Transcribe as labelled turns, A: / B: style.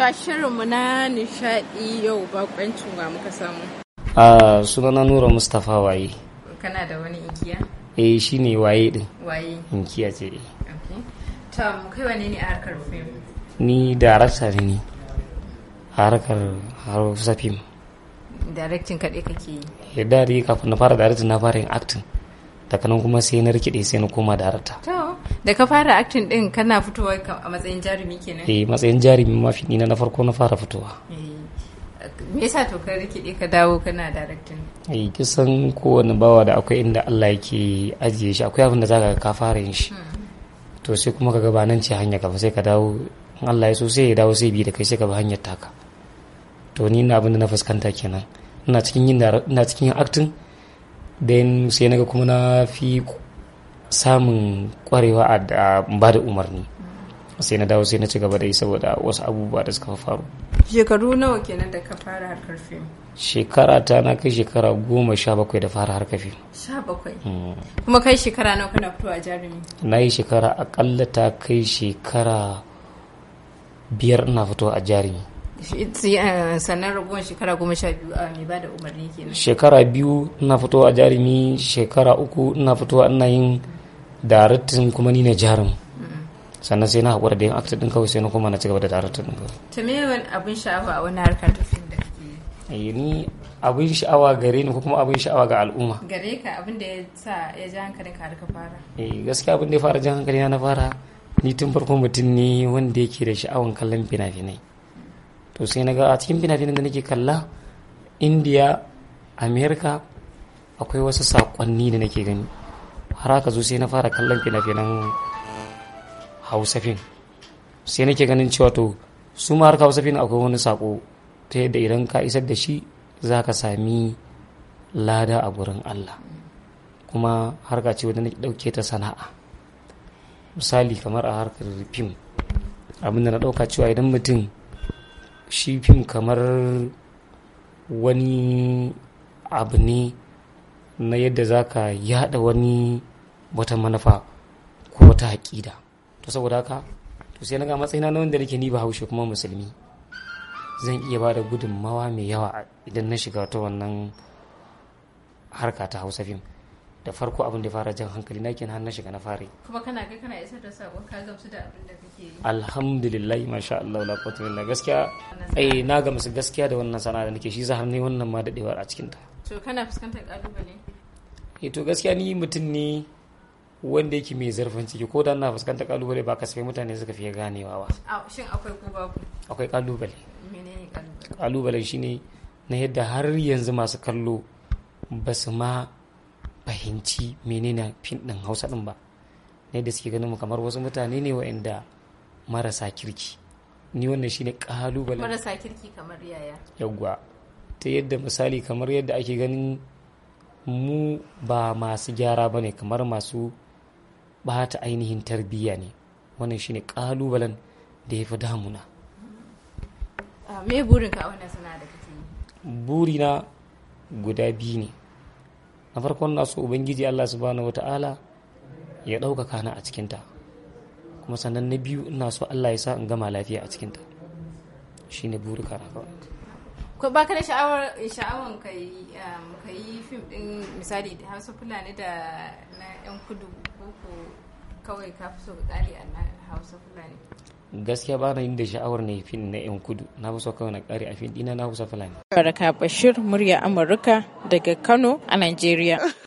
A: a shirinmu na nishadi yau bakwancin wa muka samu.
B: A sunana Nura Mustapha waye.
A: Kana da wani inkiya?
B: Eh shi ne waye din. Waye. Inkiya ce. Okay.
A: Tom, kai wane ne a harkar fim?
B: Ni darakta ne ni. A harkar Hausa fim.
A: Directing kaɗai kake yi?
B: Eh da kafin na fara directing na fara yin acting. Daga nan kuma sai na rikide sai na koma darakta.
A: To, da ka fara acting din kana fitowa a matsayin jarumi kenan
B: eh matsayin jarumi mafi ni na farko na fara fitowa
A: eh, me yasa to ka rikide ka dawo kana directing
B: eh kisan kowane bawa da akwai inda Allah yake ajiye shi akwai abin da zaka ka fara yin shi hmm. to sai kuma kaga ba nan ce hanya ka sai ka dawo in Allah ya so sai ya dawo sai bi da kai sai ka ba hanyar taka to ni na abin da na fuskanta kenan ina cikin yin ina cikin yin acting then sai naga kuma na fi samun kwarewa a ba da umarni sai na dawo sai na ci gaba da yi saboda wasu abubuwa da suka faru
A: shekaru nawa kenan da ka fara harkar fim
B: shekara ta na kai shekara goma sha bakwai da fara harkar fim sha bakwai mm.
A: kuma kai shekara nawa kana fito a jarumi
B: na yi shekara akalla ta kai shekara biyar na fito a jarumi
A: eh, sannan ragowar shekara goma sha biyu a ah, mai bada umarni kenan shekara
B: biyu na fito a jarumi shekara uku na fito ina yin daraktin kuma ni ne jarin sannan sai na haƙura da yin actor ɗin kawai sai na koma na cigaba da daraktin ɗin kawai to
A: me wani abin sha'awa a wani harkar da fim da kake
B: eh, ni abin sha'awa gare ni ko kuma abin sha'awa ga al'umma
A: gare ka abin da ya sa ya ja hankalin ka harka fara
B: eh gaskiya abin da ya fara jan hankali na fara ni tun farko mutum ne wanda yake da sha'awan kallon fina-finai to sai na ga a cikin fina-finan da nake kalla indiya america akwai wasu saƙonni da nake gani har haka zo sai na fara kallon fina-finan hausa fin sai nake ganin cewa to su ma harka hausa fin akwai wani sako ta yadda idan ka isar da shi za ka sami lada a gurin allah kuma harka ce wadda na ɗauke ta sana'a misali kamar a harkar fim abin na ɗauka cewa idan mutum shi fim kamar wani abu ne na yadda za ka yada wani wata manufa ko wata haƙida to saboda haka to sai na ga matsayina na wanda nake ni ba haushe kuma musulmi zan iya ba da gudunmawa mai yawa idan na shiga ta wannan harka ta hausa fim da farko abin da fara jan hankali na kenan har na shiga na fare kuma
A: kana ga kana isar da sabon ka gamsu da abin da kake yi
B: alhamdulillah masha Allah la quwwata illa gaskiya eh na gamsu gaskiya da wannan sana'a da nake shi zahar ne wannan ma dadewar a cikin ta
A: to kana fuskantar kalubale
B: eh to gaskiya ni mutum ne wanda yake mai zarfin ciki ko da na fuskantar kalubale ba kasafai mutane suka fiye ganewa ba
A: shin akwai ko babu
B: akwai kalubale kalubale shine na yadda har yanzu masu kallo ba su ma fahimci menene fin din hausa din ba na yadda suke ganin mu kamar wasu mutane ne waɗanda marasa kirki ni wannan shine kalubale. marasa
A: kirki kamar yaya
B: yawwa ta yadda misali kamar yadda ake ganin mu ba masu gyara ba ne kamar masu ta ainihin tarbiyya ne wannan shine kalubalen da ya fi damuna ah, me a burina guda biyu ne na farkon na so ubangiji Allah subhanahu ta'ala ya ɗaukaka na a cikinta kuma sannan na biyu ina so Allah ya sa in gama lafiya a cikinta Shi ne burika na kawai
A: ko ba ka da sha'awar eh, sha'awan ka yi um, ka yi fim din misali da Hausa Fulani da na yan kudu ko kawai ka fi so ka kare a na Hausa Fulani
B: gaskiya ba na yin da sha'awar na fim na yan kudu na fi so kawai na kare a fim dina na Hausa Fulani Baraka
A: Bashir murya Amurka daga Kano a nigeria.